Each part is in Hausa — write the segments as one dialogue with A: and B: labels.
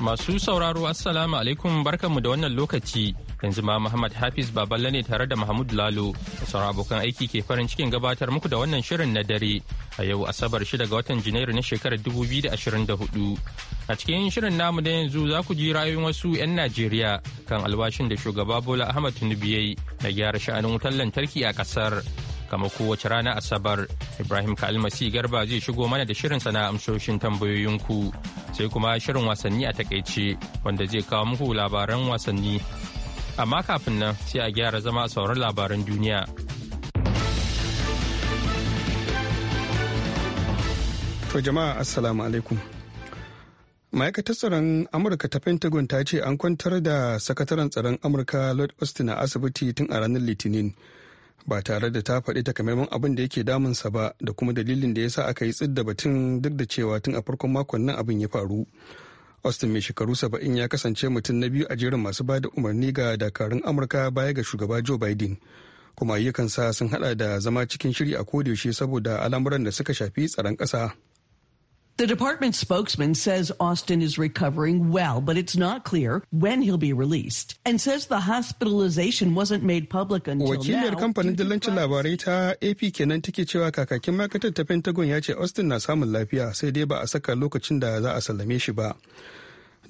A: Masu sauraro Assalamu alaikum barkanmu da wannan lokaci yanzu ma Muhammad Hafiz Baballe ne tare da Mahmud Lalo sauran abokan aiki ke farin cikin gabatar muku da wannan shirin na dare a yau Asabar 6 ga watan Janairu na shekarar 2024. A cikin shirin namu da yanzu za ku ji ra'ayoyin wasu 'yan Najeriya kan alwashin da shugaba Bola Ahmad Tinubu yi na gyara sha'anin wutar lantarki a kasar. kamar kowace rana asabar ibrahim kalmasi garba zai shigo mana da shirin sana amsoshin tambayoyinku sai kuma shirin wasanni a takaice wanda zai kawo muku labaran wasanni amma kafin nan sai a gyara zama sauran labaran duniya
B: to jama'a assalamu alaikum ma'aikatar tsaron amurka ta pentagon ta ce an kwantar da sakataren tsaron amurka lord austin a asibiti tun a ranar litinin ba tare da ta faɗi takamaiman abin da yake damunsa ba da kuma dalilin da ya sa aka yi da batun duk da cewa tun a farkon makon nan abin ya faru austin mai shekaru saba'in ya kasance mutum na biyu a jerin masu bada umarni ga dakarun amurka baya ga shugaba joe biden kuma ayyukansa sun hada da zama cikin shiri a kodayaushe saboda al'amuran da suka shafi tsaron ƙasa.
C: The department spokesman says Austin is recovering well, but it's not clear when he'll be released, and says the hospitalization wasn't made public until Wakiliyar kamfanin
B: dillancin labarai ta AP kenan take cewa kakakin ta Pentagon ya ce Austin na samun lafiya sai dai ba a saka lokacin da za a sallame shi ba.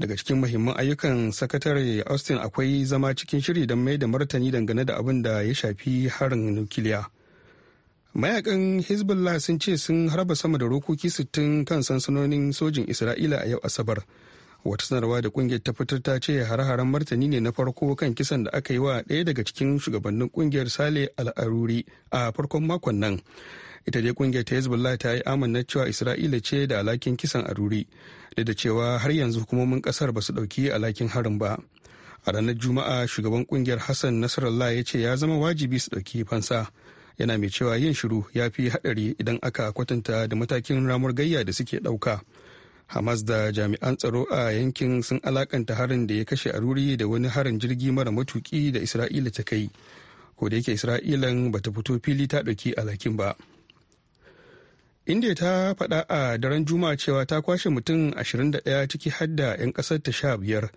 B: daga cikin muhimman ayyukan sakatare austin akwai zama cikin shiri don mai da martani dangane da abin da ya shafi harin nukiliya mayakan hezbollah sun ce sun harba sama da rokoki 60 kan sansanonin sojin isra'ila a yau asabar wata sanarwa da kungiyar ta fitar ta ce hare-haren martani ne na farko kan kisan da aka yi wa ɗaya daga cikin shugabannin kungiyar sale al'aruri a farkon makon nan ita dai kungiyar ta hezbollah ta yi amanna cewa isra'ila ce da alakin kisan aruri da da cewa har yanzu hukumomin kasar ba su ɗauki alakin harin ba a ranar juma'a shugaban kungiyar hassan nasarallah ya ce ya zama wajibi su ɗauki fansa yana mai cewa yin shiru ya fi haɗari idan aka kwatanta da matakin ramar gayya da suke ɗauka hamas da jami'an tsaro a yankin sun alakanta harin da ya kashe a ruri da wani harin jirgi mara matuki da isra'ila ta kai ko da yake isra'ilan bata fito fili ta ɗauki alhakin ba india ta faɗa a daren juma'a cewa ta kwashe mutum 21 ciki hadda 'yan ƙasar ta sha biyar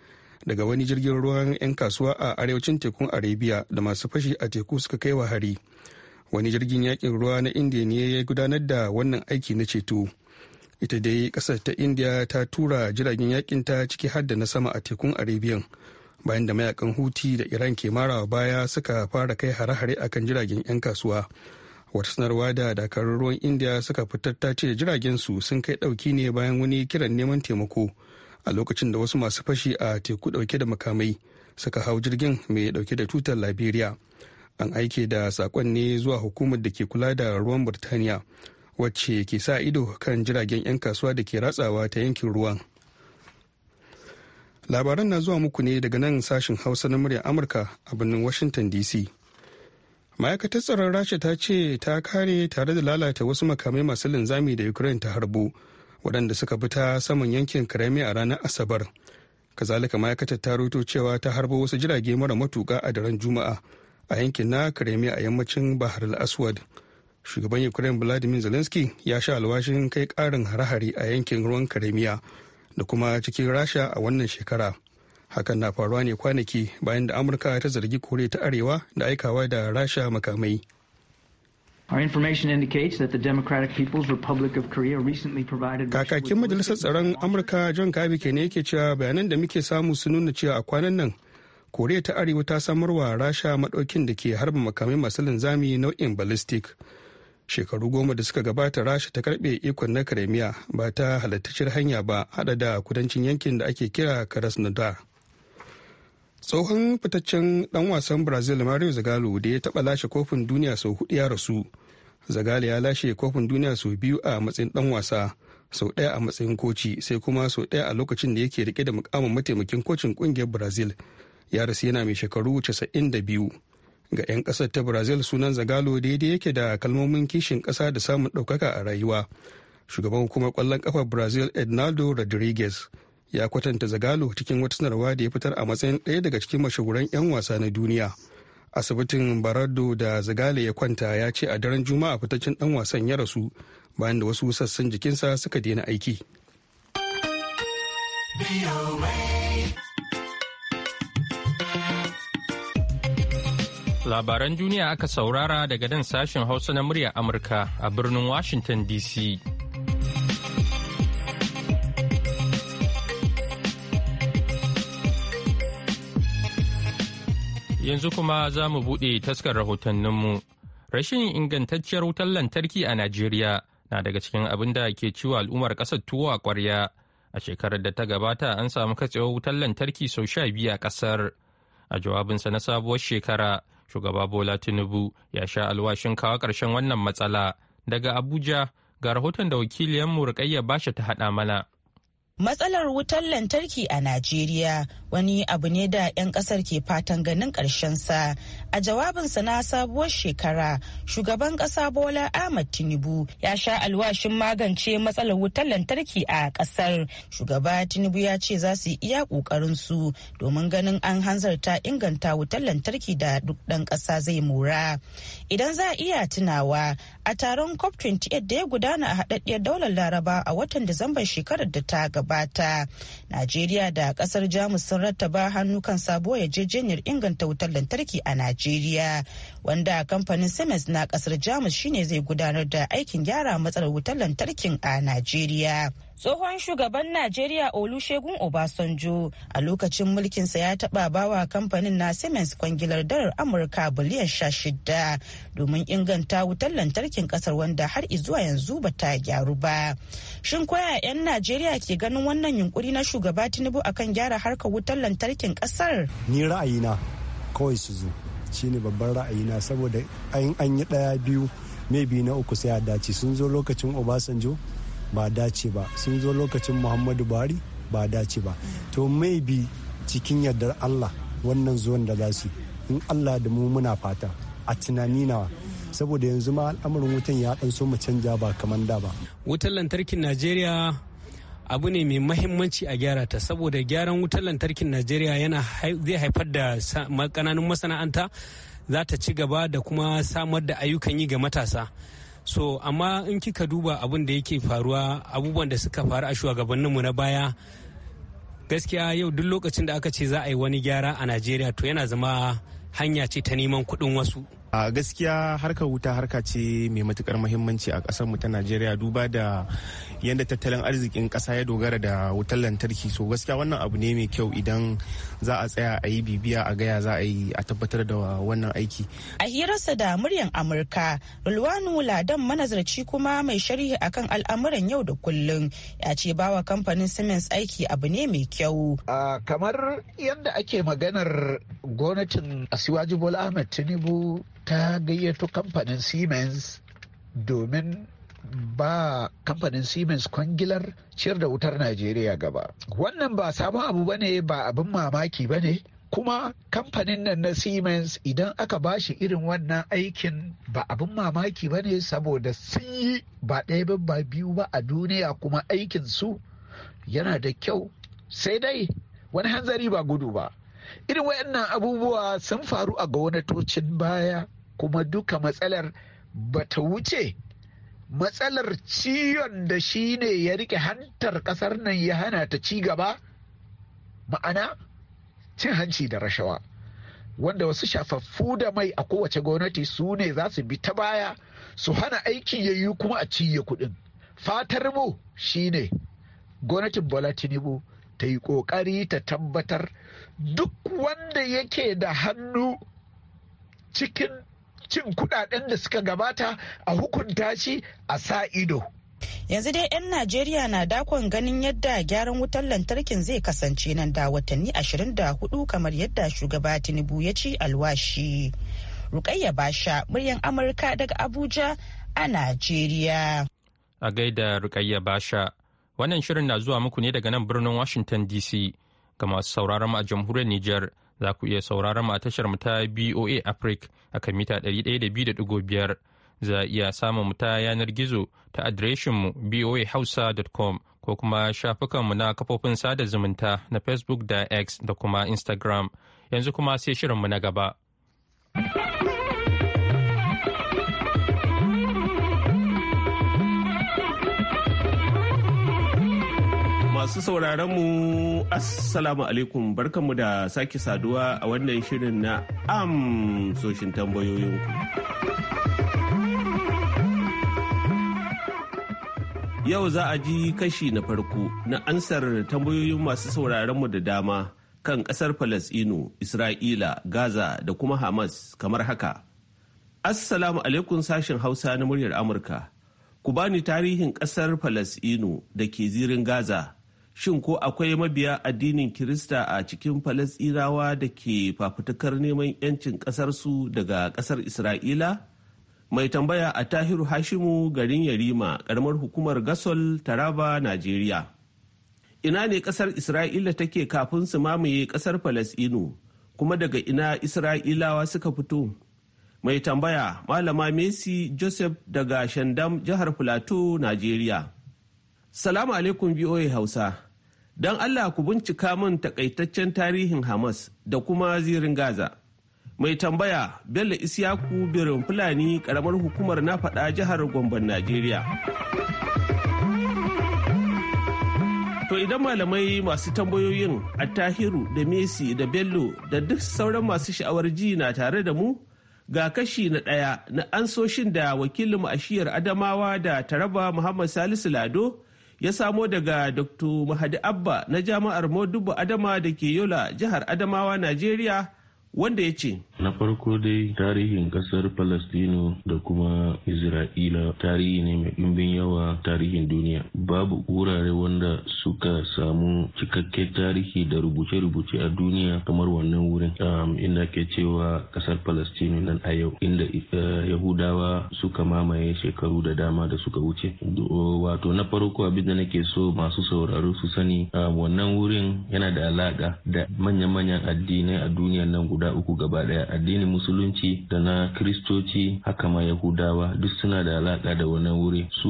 B: daga wani jirgin ruwan 'yan kasuwa a arewacin tekun arabia da masu fashi a teku suka kai wa hari wani jirgin yakin ruwa na indiya ne ya gudanar da wannan aiki na ceto ita dai kasar ta indiya ta tura jiragen yakin ta ciki har da na sama a tekun arabian bayan da mayakan huti da iran ke marawa baya suka fara kai hare-hare akan jiragen 'yan kasuwa wata sanarwa da dakarun ruwan indiya suka fitar ta ce jiragen su sun kai dauki ne bayan wani kiran neman taimako a lokacin da wasu masu fashi a teku dauke da makamai suka hau jirgin mai dauke da tutar liberia an aike da saƙon ne zuwa hukumar da ke kula da ruwan burtaniya wacce ke sa ido kan jiragen 'yan kasuwa da ke ratsawa ta yankin ruwan labaran na zuwa muku ne daga nan sashen hausa na muryar amurka a birnin washington dc ma'aikatar tsaron rasha ta ce ta kare tare da lalata wasu makamai masu linzami da ukraine ta harbo waɗanda suka bi ta saman yankin karami a ranar asabar kazalika ma'aikatar ta ruto cewa ta harbo wasu jirage mara matuka a daren juma'a a yankin na karemi a yammacin Bahar al-Aswad. Shugaban Ukraine Vladimir Zelensky ya sha alwashin kai karin hare-hare a yankin ruwan karemiya da kuma cikin Rasha a wannan shekara. Hakan na faruwa ne kwanaki bayan da Amurka ta zargi kore ta Arewa da aikawa da Rasha makamai.
C: Kakakin
B: Majalisar Tsaron Amurka John Kirby ne yake cewa bayanan da muke samu su nuna cewa a kwanan nan koriya ta arewa ta samarwa rasha maɗaukin da ke harba makamai masu linzami nau'in ballistic shekaru goma da suka gabata rasha ta karbe ikon na karamiya ba ta halittacin hanya ba hada da kudancin yankin da ake kira krasnodar tsohon fitaccen dan wasan brazil mario zagalo da ya taba lashe kofin duniya sau hudu ya rasu zagalo ya lashe kofin duniya sau biyu a matsayin dan wasa sau ɗaya a matsayin koci sai kuma sau ɗaya a lokacin da yake rike da mukamin mataimakin kocin kungiyar brazil ya rasu yana mai shekaru 92 ga 'yan ƙasar ta brazil sunan zagalo daidai yake da kalmomin kishin ƙasa da samun ɗaukaka a rayuwa shugaban hukumar kwallon kafa brazil ednaldo rodriguez ya kwatanta zagalo cikin wata sanarwa da ya fitar a matsayin ɗaya daga cikin mashahuran 'yan wasa na duniya asibitin barado da zagale ya kwanta ya ce a daren juma'a fitaccen dan wasan ya rasu bayan da wasu sassan jikinsa suka daina aiki.
A: Labaran duniya aka saurara daga dan sashen Hausa na murya Amurka a birnin Washington DC. Yanzu kuma za mu buɗe taskar rahotanninmu. Rashin ingantacciyar wutar lantarki a Najeriya na daga cikin abin da ke ciwo al'ummar ƙasar tuwo a ƙwarya. A shekarar da ta gabata an samu katsewar wutar lantarki sau sha biyu a ƙasar. A jawabinsa na sabuwar shekara, shugaba bola tinubu ya sha alwashin kawo ƙarshen wannan matsala daga abuja ga rahoton da wakiliyanmu ba bashi ta haɗa mana
D: matsalar wutar lantarki a najeriya wani abu ne da 'yan kasar ke fatan ganin sa a jawabinsa na sabuwar shekara shugaban kasa bola ahmad tinubu ya sha alwashin magance matsalar wutar lantarki a kasar shugaba tinubu ya ce za su iya kokarin su domin ganin an hanzarta inganta wutar lantarki da duk ɗan ƙasa zai mora idan za a iya tunawa a taron cop 28 da ya gudana a haɗaɗɗiyar daular laraba a watan disambar shekarar da ta gabata najeriya da ƙasar jamus sun rattaba hannu kan sabuwar yarjejeniyar inganta wutar lantarki a Najeriya wanda kamfanin Siemens na kasar Jamus shine zai gudanar da aikin gyara matsalar wutar lantarki a Najeriya. tsohon shugaban najeriya olusegun obasanjo a lokacin mulkinsa ya taɓa bawa kamfanin na siemens kwangilar dalar amurka biliyan sha shida domin inganta wutar lantarkin kasar wanda har zuwa yanzu ba ta gyaru ba shin koya 'yan najeriya ke ganin wannan yunkuri na shugaba tinubu akan gyara harkar wutar lantarkin kasar ni ra'ayina kawai su zo shi ne babban ra'ayina saboda an
B: yi ɗaya biyu maybe na uku sai a dace sun zo lokacin obasanjo ba dace ba sun zo lokacin muhammadu buhari ba dace ba to mai bi cikin yardar allah wannan zuwan da za su in allah da mu muna fata a tunani nawa saboda yanzu ma al'amarin wutan ya dan so mu canja ba kamar da ba
A: wutan lantarkin najeriya abu ne mai mahimmanci a gyara ta saboda gyaran wutar lantarkin najeriya yana zai haifar da kananun masana'anta za ta ci gaba da kuma samar da ayyukan yi ga matasa so amma in kika duba abin da yake faruwa abubuwan da suka faru a shugabanninmu na baya gaskiya yau duk lokacin da aka ce za a yi wani gyara a najeriya to yana zama hanya ce ta neman kuɗin wasu a gaskiya
E: harkar wuta harka ce mai matukar muhimmanci a kasar ta najeriya duba da yadda tattalin arzikin ƙasa ya dogara da wutar lantarki so gaskiya wannan abu ne mai kyau idan za a
D: tsaya a yi bibiya a gaya za a yi a tabbatar da wannan aiki a hirarsa da muryan amurka rulwanu ladan manazarci kuma mai sharhi akan al'amuran yau da kullum ya ce bawa kamfanin siemens aiki abu ne mai kyau kamar
F: yadda ake maganar gwamnatin asiwaji bola ahmed tinubu ta gayyato kamfanin siemens domin ba kamfanin siemens kwangilar ciyar da wutar najeriya gaba wannan ba sabon abu ba ne ba abin mamaki ba ne. kuma kamfanin nan na siemens idan aka ba shi irin wannan aikin ba abin mamaki ba ne saboda sun yi ba ɗaya ba biyu ba a duniya kuma aikin su yana da kyau sai dai wani hanzari ba gudu ba irin wayannan abubuwa sun faru a gwamnatocin baya kuma duka matsalar ba ta wuce matsalar ciyon da shi ne ya rike hantar kasar nan ya hana ta ci gaba ma'ana cin hanci da rashawa wanda wasu shafaffu da mai a kowace gwamnati su ne za su bi ta baya su hana aikin yi kuma a ciye kuɗin fatar mu shi ne gwamnatin bola tinubu ta yi kokari ta tabbatar duk wanda yake da hannu cikin cin kudaden da suka gabata a hukunta shi a sa ido
D: yanzu dai 'yan najeriya na dakon ganin yadda gyaran wutar lantarkin zai kasance nan da watanni 24 kamar yadda shugaba tinubu ya ci alwashi rukayya basha muryan amurka daga abuja a najeriya
A: a gaida rukayya basha wannan shirin na zuwa muku ne daga nan birnin washington dc ga masu sauraron a jamhuriyar niger za ku iya sauraron mu a tashar mu ta BOA Africa a kan mita 102.5 za iya samun mu ta yanar gizo ta adireshin mu boahausa.com ko kuma shafukan mu na kafofin sada zumunta na Facebook da X da kuma Instagram yanzu kuma sai shirin mu na gaba.
E: Masu sauraronmu Assalamu alaikum barkanmu da sake saduwa a wannan shirin na amsoshin tambayoyin. Yau za a ji kashi na farko na ansar tambayoyin masu mu da dama kan ƙasar Falasɗinu, Isra'ila, Gaza da kuma Hamas kamar haka. Assalamu alaikum sashen Hausa na muryar Amurka. Ku bani tarihin ƙasar Falasɗinu da ke zirin Gaza shin ko akwai mabiya addinin kirista a cikin Falasirawa da ke fafutukar neman 'yancin ƙasarsu daga ƙasar isra'ila mai tambaya a tahiru hashimu garin yarima ƙaramar hukumar gasol taraba najeriya ina ne ƙasar isra'ila take kafin su mamaye ƙasar falasɗinu kuma daga ina isra'ilawa suka fito mai tambaya malama messi joseph daga shandam jihar plateau najeriya Salamu alaikum BOA Hausa. Don Allah ku bincika min takaitaccen tarihin Hamas da kuma zirin Gaza. Mai tambaya Bello Isiyaku birin Fulani karamar hukumar na faɗa jihar Gombon Najeriya. To idan malamai masu tambayoyin a Attahiru da Messi da Bello da duk sauran masu sha'awar ji na tare da mu ga kashi na ɗaya na ansoshin da wakilin ashiyar Adamawa da Taraba Muhammad Salisu Lado ya samo daga Dr. Mahadi Abba na Jami'ar Modubu Adama da ke Yola, jihar Adamawa, Najeriya wanda ya ce
G: na farko dai tarihin kasar palestino da kuma isra'ila tarihi ne mai ɗimbin yawa tarihin duniya babu wurare wanda suka samu cikakken tarihi da rubuce-rubuce a duniya kamar wannan wurin um, inda ke cewa kasar palestino nan a yau inda uh, yahudawa suka mamaye shekaru da dama da suka wuce wato na farko abin da nake so masu sauraro su sani um, wannan wurin yana da alaƙa da manya-manyan addinai a duniya nan guda guda uku gaba daya addinin musulunci da na kristoci haka ma yahudawa duk suna da alaka da wannan wuri su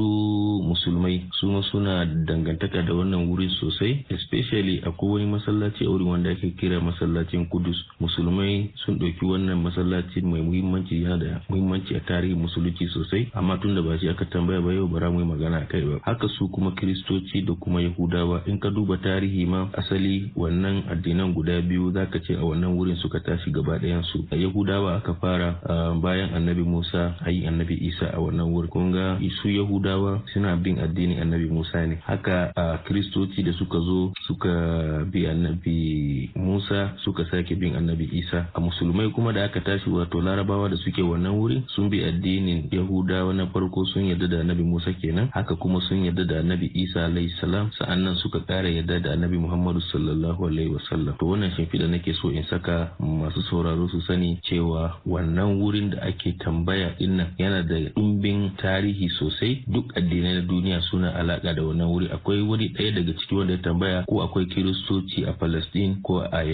G: musulmai su ma suna dangantaka da wannan wuri sosai especially akwai wani masallaci a wurin wanda ake kira masallacin kudus musulmai sun ɗauki wannan masallaci mai muhimmanci yana da muhimmanci a tarihin musulunci sosai amma tun da ba shi aka tambaya ba yau bara mu yi magana a kai ba haka su kuma kiristoci da kuma yahudawa in ka duba tarihi ma asali wannan addinan guda biyu zaka ce a wannan wurin suka tashi su gaba ɗayansu yahudawa aka fara bayan annabi musa ayi annabi isa a wannan wuri kun ga su yahudawa suna bin addinin annabi musa ne haka a kristoci da suka zo suka bi annabi musa suka sake bin annabi isa a musulmai kuma da aka tashi wato larabawa da suke wannan wuri sun bi addinin yahudawa na farko sun yarda da annabi musa kenan haka kuma sun yarda da annabi isa alayhi salam sa'annan suka ƙara yarda da annabi muhammadu sallallahu alaihi wasallam to wannan shimfiɗa nake so in saka masu masu sauraro su sani cewa wannan wurin da ake tambaya dinnan yana da ɗumbin tarihi sosai duk addinai na duniya suna alaka da wannan wuri akwai wuri ɗaya daga ciki wanda ya tambaya ko akwai kiristoci a palestine ko a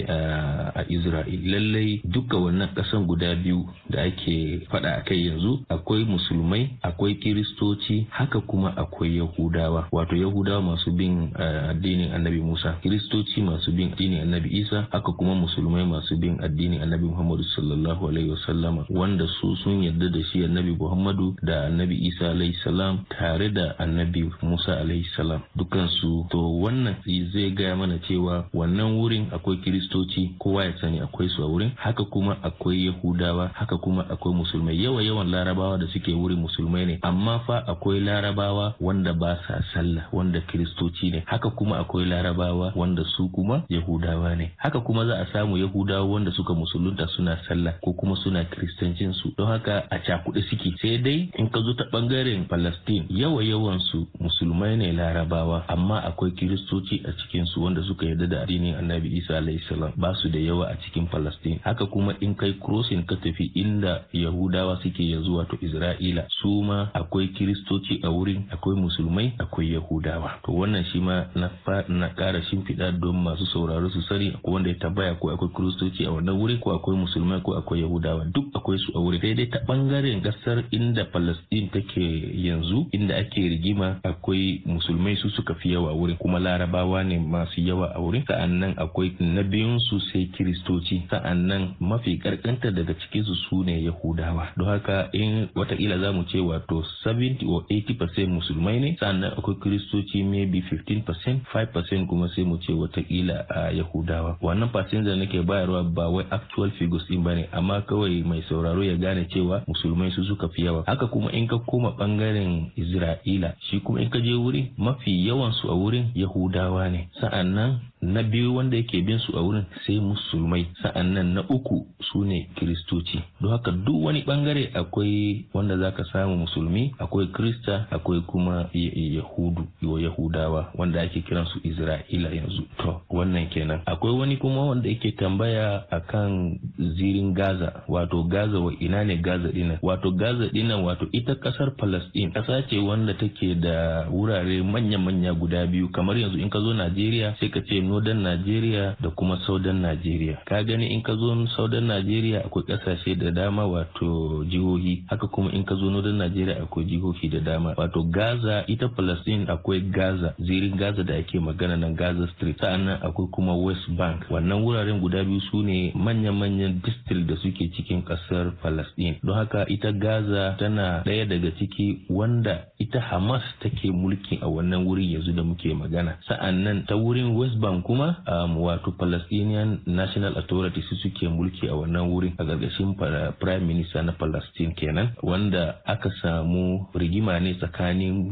G: isra'il lallai duka wannan ƙasan guda biyu da ake faɗa a kai yanzu akwai musulmai akwai kiristoci haka kuma akwai yahudawa wato yahudawa masu bin addinin annabi musa kiristoci masu bin addinin annabi isa haka kuma musulmai masu bin addinin addinin annabi Muhammadu sallallahu alaihi wasallam wanda su sun yarda da shi annabi Muhammadu da annabi Isa alaihi salam tare da annabi Musa alaihi salam dukansu to wannan zai gaya mana cewa wannan wurin akwai kiristoci kowa ya sani akwai su a wurin haka kuma akwai yahudawa haka kuma akwai musulmai yawa yawan larabawa da suke wurin musulmai ne amma fa akwai larabawa wanda ba sa sallah wanda kiristoci ne haka kuma akwai larabawa wanda su kuma yahudawa ne haka kuma za a samu yahudawa wanda suka suka musulunta suna sallah ko kuma suna kiristancin su don haka a cakuɗe suke sai dai in ka zo ta bangaren palestine yawa yawan su musulmai ne larabawa amma akwai kiristoci a cikin su wanda suka yarda da addinin annabi isa alayhi salam ba su da yawa a cikin palestine haka kuma in kai crossing ka tafi inda yahudawa suke yanzu wato isra'ila su ma akwai kiristoci a wurin akwai musulmai akwai yahudawa to wannan shi ma na na ƙara shimfiɗa don masu sauraro su sani ko wanda ya tabbaya ko akwai kiristoci a wannan wuri ko akwai musulmai ko akwai yahudawa duk akwai su a wuri daidai ta bangaren kasar inda palestine take yanzu inda ake rigima akwai musulmai su suka fi yawa a wurin kuma larabawa ne masu yawa a wurin sa'annan akwai na biyun su sai kiristoci sa'annan mafi karkanta daga cikin su su ne yahudawa don haka in watakila za mu ce wato 70 or 80% musulmai ne sa'annan akwai kiristoci maybe 15% 5% kuma sai mu ce watakila a yahudawa wannan fasinja nake bayarwa ba wai actual figures din bane amma kawai mai sauraro ya gane cewa musulmai su suka fi yawa haka kuma in ka koma bangaren Isra'ila shi kuma in ka je wuri mafi yawan su a wurin Yahudawa ne sa'annan na biyu wanda yake bin su a wurin sai musulmai sa'annan na uku su ne kiristoci don haka duk wani bangare akwai wanda zaka samu musulmi akwai krista akwai kuma yahudu yo yahudawa wanda ake kiransu isra'ila yanzu to wannan kenan akwai wani kuma wanda yake tambaya akan kan zirin Gaza wato Gaza wa ina ne Gaza dina wato Gaza dina wato ita kasar Palestine kasa ce wanda take da wurare manya-manya guda biyu kamar yanzu in ka zo Najeriya sai ka ce Northern Najeriya da kuma Southern Najeriya ka gani in ka zo Southern Najeriya akwai kasashe da dama wato jihohi haka kuma in ka zo Northern Najeriya akwai jihohi da dama wato Gaza ita Palestine akwai Gaza zirin Gaza da ake magana nan Gaza Street sa'annan akwai kuma West Bank wannan wuraren guda biyu su ne manya-manyan distil da suke cikin ƙasar Falasɗin. Don haka ita Gaza tana ɗaya daga ciki wanda ita Hamas take mulki a wannan wuri yanzu da muke magana. Sa'an nan ta wurin West Bank kuma um, wato Palestinian National Authority su suke mulki a wannan wurin a gargashin Prime Minister na Palestine kenan wanda aka samu rigima ne tsakanin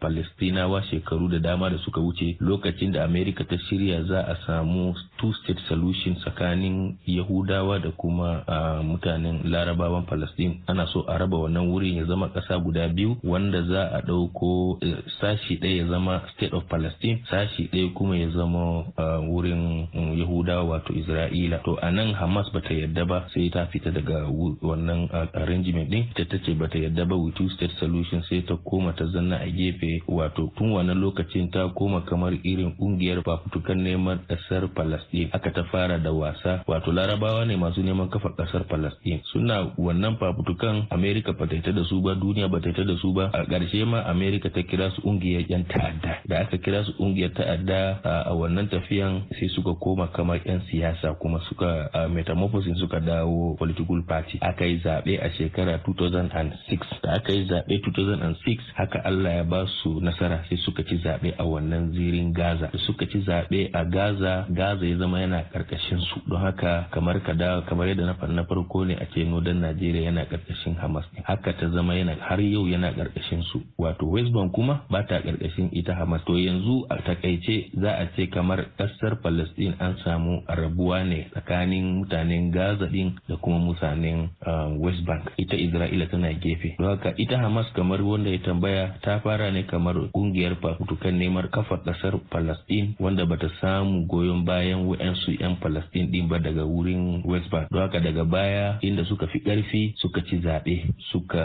G: Palestinawa shekaru da dama da suka wuce lokacin da Amerika ta shirya za a samu two-state solution tsakanin Yahudawa da kuma uh, mutanen larabawan Palestine ana so a raba wannan wurin ya zama ƙasa guda biyu wanda za a ɗauko eh, sashi ɗaya ya zama state of Palestine sashi ɗaya kuma ya zama wurin mm, Yahudawa wato Isra'ila to a nan Hamas bata yadda ba sai ta fita daga wannan arrangement ɗin ita ta ce bata yadda ba with two-state solution sai ta koma ta zanna a gefe wato tun wannan lokacin ta koma kamar irin ƙungiyar fafutukan neman ƙasar Palestine Palestine aka ta fara da wasa wato larabawa ne masu neman kafa kasar Palestine suna wannan fafutukan Amerika ba ta da su ba duniya ba ta da su ba a ƙarshe ma Amerika ta kira su ungiyar yan ta'adda da aka kira su ungiyar ta'adda a wannan tafiyan sai suka koma kamar yan siyasa kuma suka metamorphosis suka dawo political party aka yi zaɓe a shekara 2006 da aka yi zaɓe 2006 haka Allah ya ba su nasara sai suka ci zaɓe a wannan zirin Gaza da suka ci zaɓe a Gaza Gaza ya zama yana karkashin su don haka kamar ka dawo kamar yadda na na farko ne a ce nodan najeriya yana karkashin hamas haka ta zama yana har yau yana karkashin su wato west bank kuma ba ta karkashin ita hamas to yanzu a takaice za a ce kamar kasar palestine an samu rabuwa ne tsakanin mutanen gaza din da kuma mutanen um, west bank ita isra'ila tana gefe don haka ita hamas kamar wanda ya tambaya ta fara ne kamar kungiyar fafutukan neman kafa ƙasar palestine wanda bata samu goyon bayan wa'yansu 'yan palestin din ba daga wurin West Bank. Don haka daga baya inda suka fi ƙarfi suka ci zaɓe suka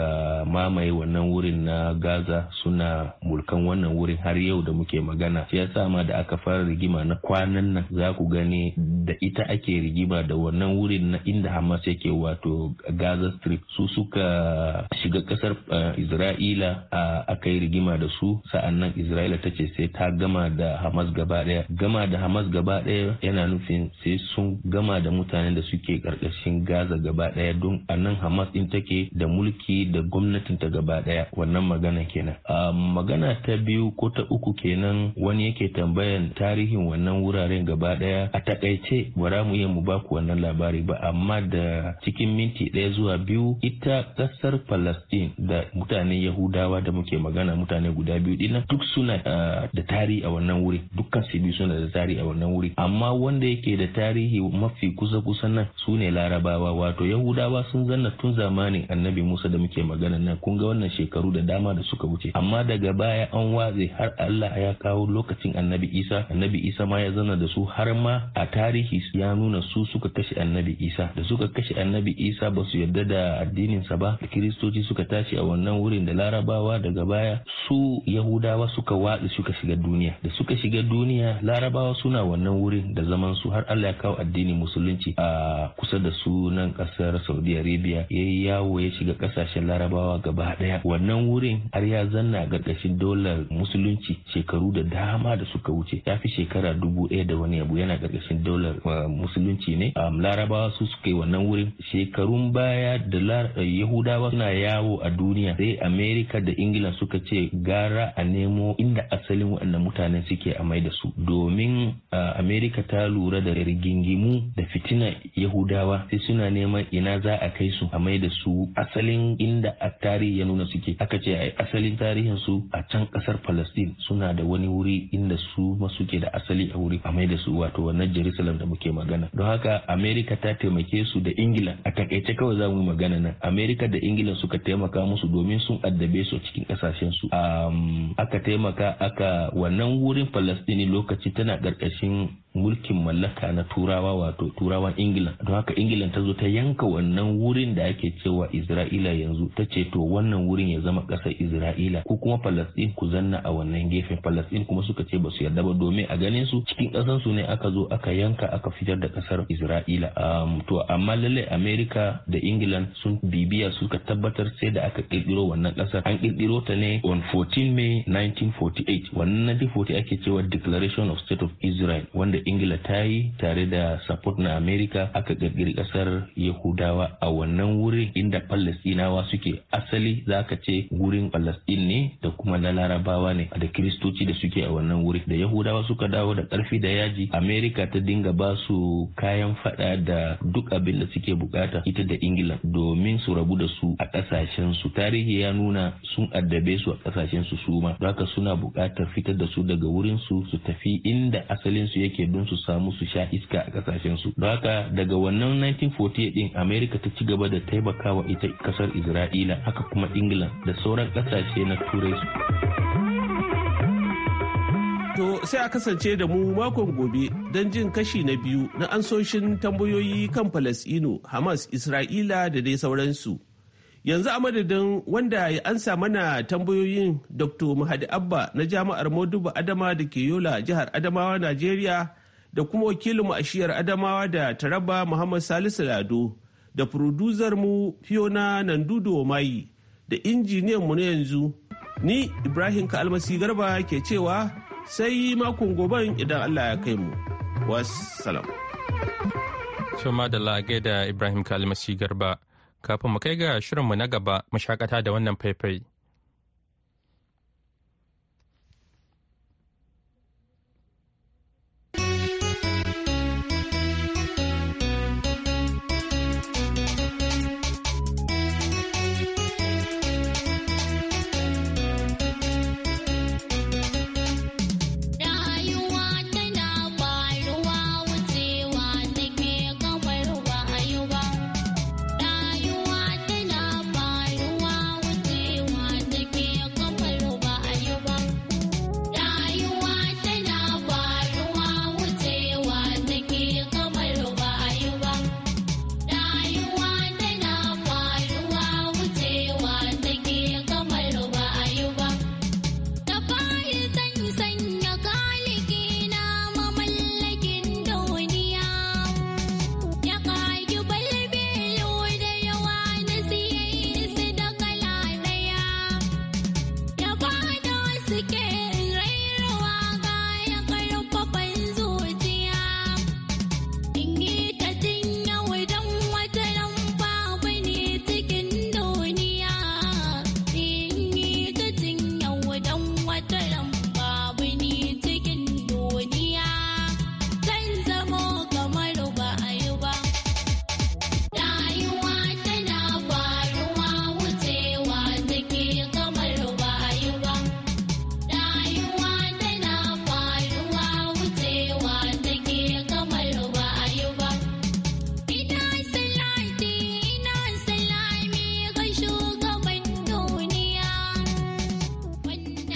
G: mamaye wannan wurin na Gaza suna mulkan wannan wurin har yau da muke magana. Shi yasa ma da aka fara rigima na kwanan nan za ku gani da ita ake rigima da wannan wurin na inda Hamas yake wato Gaza Strip su suka shiga ƙasar eh, Isra'ila a aka yi rigima da su nan Isra'ila ta ce sai ta gama da Hamas gaba daya Gama da Hamas gaba daya yana nufin sai sun gama da mutanen da suke karkashin gaza gaba daya don a nan hamas din take da mulki da gwamnatin ta gaba daya wannan magana kenan a ah, magana ta biyu ko ta uku kenan wani yake tambayan tarihin wannan wuraren gaba daya a takaice bara mu iya mu baku wannan labari ba amma da cikin minti ɗaya zuwa biyu ita kasar palestine da mutanen yahudawa da muke magana mutane guda biyu dinnan duk suna ah, da tari a wannan wuri dukkan su biyu suna da tari a wannan wuri amma wanda yake da tarihi mafi kusa kusan nan su ne larabawa wato yahudawa sun zanna tun zamanin annabi musa da muke magana nan kun ga wannan shekaru da dama da suka wuce amma daga baya an watse har allah ya kawo lokacin annabi isa annabi isa ma ya zanna da su har ma a tarihi ya nuna su suka kashe annabi isa da suka kashe annabi isa ba su yarda da addinin sa ba Da kiristoci suka tashi a wannan wurin da larabawa daga baya su yahudawa suka watse suka shiga duniya da suka shiga duniya larabawa suna wannan wurin da zaman su har Allah ya kawo addinin musulunci a kusa da sunan nan kasar Saudi Arabia yayi yawo ya shiga kasashen Larabawa gaba daya wannan wurin har ya zanna gargashin dolar musulunci shekaru da dama da suka wuce ya fi shekara dubu ɗaya da wani abu yana gargashin dolar musulunci ne Larabawa su suka yi wannan wurin shekarun baya da Yahudawa suna yawo a duniya sai Amerika da Ingila suka ce gara a nemo inda asalin waɗannan mutanen suke a mai da su domin Amerika ta ta lura da rigingimu da fitina yahudawa sai suna neman ina za a kai su a mai da su asalin inda a tarihi ya nuna suke aka ce a asalin tarihin su a can kasar palestine suna da wani wuri inda su ma suke da asali a wuri a mai da su wato wannan jerusalem da muke magana don haka america ta taimake su da ingila a takaice kawai za mu yi magana nan america da ingila suka taimaka musu domin sun addabe su cikin kasashen su aka taimaka aka wannan wurin palestine lokaci tana karkashin mulkin mallaka na turawa wato turawan ingilan don haka ingilan ta zo ta yanka wannan wurin da ake cewa isra'ila yanzu ta ce to wannan wurin ya zama ƙasar isra'ila ko kuma falastin ku zanna a wannan gefen falastin kuma suka ce ba su yarda ba domin a ganin su cikin ƙasar su ne aka zo aka yanka aka fitar da ƙasar isra'ila um, to amma lallai america da Ingilan sun bibiya suka tabbatar sai da aka ƙirƙiro wannan ƙasar an ƙirƙiro ta ne on 14 may 1948 wannan 1940 ake cewa declaration of state of israel wanda ingila ta yi tare da support na america aka gargiri kasar yahudawa a wannan wuri inda palestinawa suke asali za ka ce wurin palestin ne da kuma na larabawa ne da kiristoci da suke a wannan wuri da yahudawa suka dawo da karfi da yaji america ta dinga ba su kayan fada da duk abin da suke bukata ita da ingila domin su rabu da su a kasashen su tarihi ya nuna sun addabe su a kasashen su suma don haka suna bukatar fitar da su daga wurin su su tafi inda asalin su yake don su samu su sha iska a kasashen su don haka daga wannan 1948 din america ta ci gaba da taimakawa ita kasar isra'ila haka kuma england da sauran kasashe na turai su.
B: To
E: sai a kasance da mu makon gobe don jin kashi na biyu na ansoshin tambayoyi kan Falasino, Hamas, Isra'ila da dai sauransu. Yanzu a madadin wanda ya ansa mana tambayoyin Dr. Mahadi Abba na Jami'ar Modubu Adama da ke Yola jihar Adamawa, Najeriya da kuma wakilinmu a shiyar Adamawa da Taraba Muhammad Salisu Lado da mu Fiona Nandudo Mai da injiniyan mu na yanzu ni Ibrahim Kalmasi Garba ke cewa sai makon goban idan Allah ya kai mu. Wassalam.
A: Shoma da lagai da Ibrahim Kalmasi Garba kafin mu kai ga shirinmu na gaba mashakata da wannan faifai.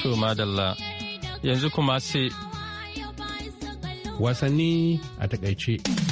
A: To madalla yanzu kuma sai wasanni a takaice.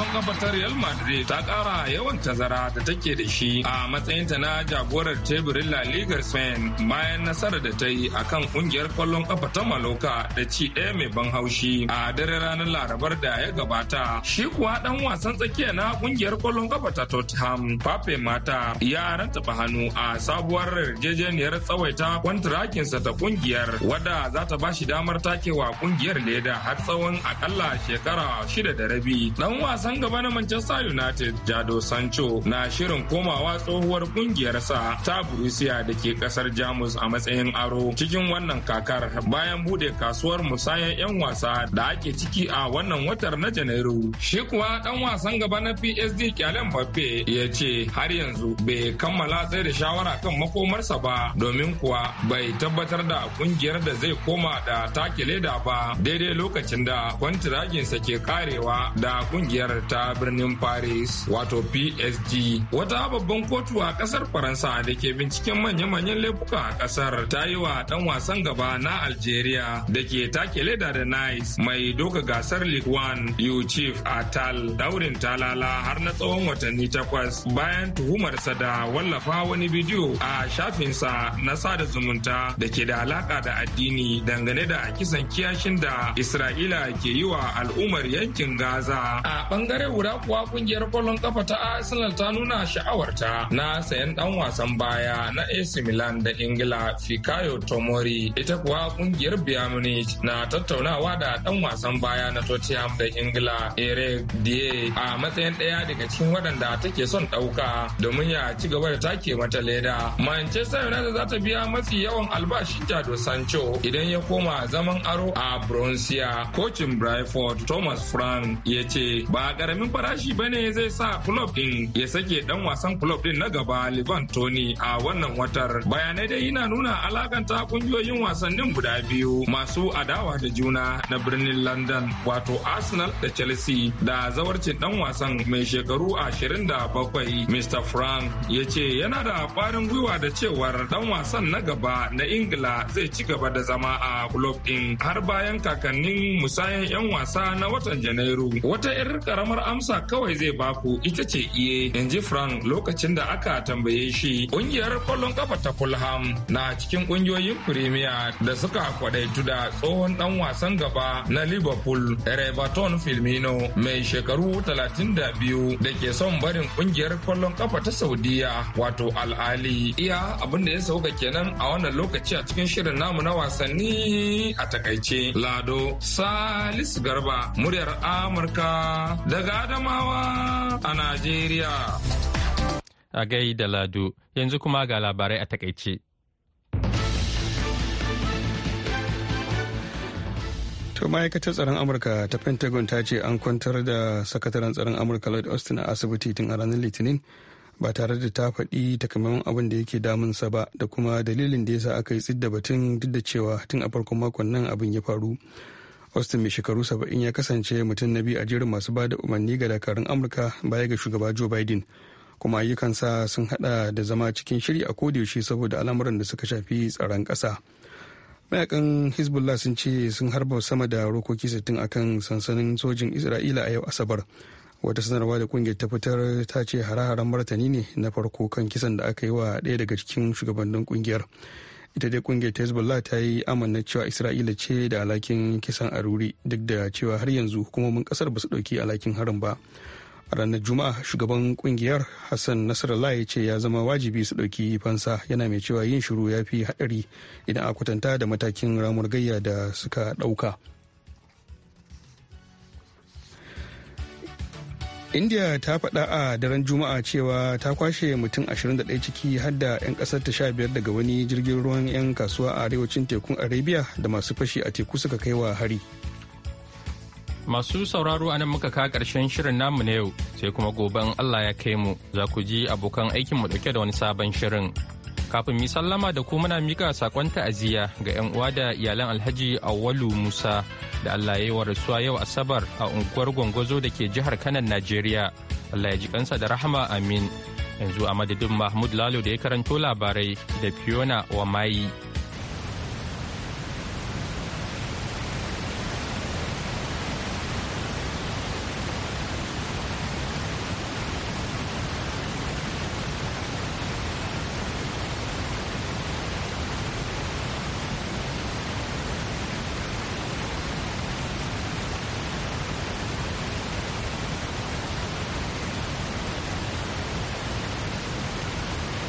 H: kwallon kafa ta Real Madrid ta ƙara yawan tazara da take da shi a matsayinta na jagorar teburin La Liga Spain bayan nasarar da ta yi akan kungiyar kwallon kafa ta Maloka da ci ɗaya mai ban haushi a dare ranar Larabar da ya gabata. Shi kuwa dan wasan tsakiya na kungiyar kwallon kafa ta Tottenham Pape Mata ya rantaba hannu a sabuwar yarjejeniyar tsawaita kwantarakinsa ta kungiyar wadda za ta shi damar takewa kungiyar leda har tsawon akalla shekara shida da rabi. Dan wasan wasan gaba na Manchester United Jado Sancho na shirin komawa tsohuwar kungiyarsa ta Borussia da ke kasar Jamus a matsayin aro cikin wannan kakar bayan bude kasuwar musayar 'yan wasa da ake ciki a wannan watar na Janairu. Shi kuwa dan wasan gaba na psd Kyalen Mbappe ya ce har yanzu bai kammala tsaye da shawara kan makomarsa ba domin kuwa bai tabbatar da kungiyar da zai koma da take leda ba daidai lokacin da kwantiraginsa ke karewa da kungiyar ta birnin Paris wato PSG. Wata babban kotu a ƙasar Faransa da ke binciken manya-manyan laifuka a ƙasar ta yi wa ɗan wasan gaba na Algeria da ke take leda da Nice mai doka gasar League One chief Atal daurin talala har na tsawon watanni takwas bayan tuhumarsa da wallafa wani bidiyo a shafinsa na sada zumunta da ke da alaka da addini dangane da kisan kiyashin da Isra'ila ke yi wa al'ummar yankin Gaza a bangare guda kuwa kungiyar kwallon kafa ta Arsenal ta nuna sha'awarta na sayan dan wasan baya na AC Milan da Ingila Fikayo Tomori ita kuwa kungiyar Bayern na tattaunawa da dan wasan baya na Tottenham da Ingila Eric Die a matsayin daya daga cikin waɗanda take son ɗauka domin ya ci gaba da take mata leda. Manchester United za ta biya mafi yawan albashin Jado Sancho idan ya koma zaman aro a Bronsia. Kocin Brighton Thomas Frank ya ce ba ba karamin farashi bane zai sa club din ya sake dan wasan club din na gaba Levan Tony a wannan watar. Bayanai dai yana nuna alakanta kungiyoyin wasannin guda biyu masu adawa da juna na birnin London wato Arsenal da Chelsea da zawarcin dan wasan mai shekaru 27 Mr. Frank ya ce yana da farin gwiwa da cewar dan wasan na gaba na Ingila zai ci gaba da zama a club din har bayan kakannin musayan 'yan wasa na watan Janairu. Wata 'yar karamar amsa kawai zai baku ita ce iye in ji frank lokacin da aka tambaye shi Kungiyar kwallon kafa ta fulham na cikin ƙungiyoyin premier da suka kwadaitu da tsohon dan wasan gaba na liverpool Everton filmino mai shekaru 32 da ke son barin kungiyar kwallon kafa ta saudiya wato al'ali iya abin da ya sauka kenan a wannan lokaci a cikin shirin namu na wasanni a takaice lado salisu garba muryar amurka daga Adamawa a Najeriya.
A: A gai da Lado, yanzu kuma ga labarai a takaice.
B: To ma'aikatar tsaron Amurka ta Pentagon ta ce an kwantar da sakataren tsaron Amurka Lloyd Austin a asibiti tun a ranar Litinin ba tare da ta faɗi takamaiman abin da yake damunsa ba da kuma dalilin da yasa aka yi tsidda batun duk da cewa tun a farkon makon nan abin ya faru. austin mai shekaru 70 ya kasance mutum na biyu a jerin masu bada umarni ga dakarun amurka baya ga shugaba joe biden kuma ayyukansa sun hada da zama cikin shiri a kodiyaushe saboda al'amuran da suka shafi tsaron ƙasa mayakan hezbollah sun ce sun harba sama da rokoki 60 akan sansanin sojin isra'ila a yau asabar wata sanarwa da kungiyar ta fitar ta ce hare-haren martani ne na farko kan kisan da aka yi wa ɗaya daga cikin shugabannin kungiyar ita dai kungiyar ta hezbollah ta yi amanna cewa isra'ila ce da alhakin kisan aruri duk da cewa har yanzu hukumomin kasar ba su ɗauki alhakin harin ba a ranar juma'a shugaban kungiyar hassan nasarallah ya ce ya zama wajibi su dauki fansa yana mai cewa yin shiru ya fi haɗari idan a kwatanta da matakin ramar gayya da suka ɗauka india ta faɗa a daren juma'a cewa ta kwashe mutum 21 ciki hadda 'yan ƙasar ta biyar daga wani jirgin ruwan 'yan kasuwa a arewacin tekun arabia da masu fashi a teku suka kai wa hari
A: masu sauraro a nan muka ka karshen shirin namu na yau sai kuma goben allah ya kai mu za ku ji abokan aikin mu dauke da wani sabon shirin kafin mi sallama da ku muna mika sakon ta'aziyya ga 'yan uwa da iyalan alhaji awwalu musa da Allah ya yi wa rasuwa yau Asabar a unguwar Gwangwazo da ke jihar Kanan Najeriya. Allah ya ji kansa da rahama amin. Yanzu a madadin Mahmud Lalo da ya karanto labarai da Fiona Wamayi.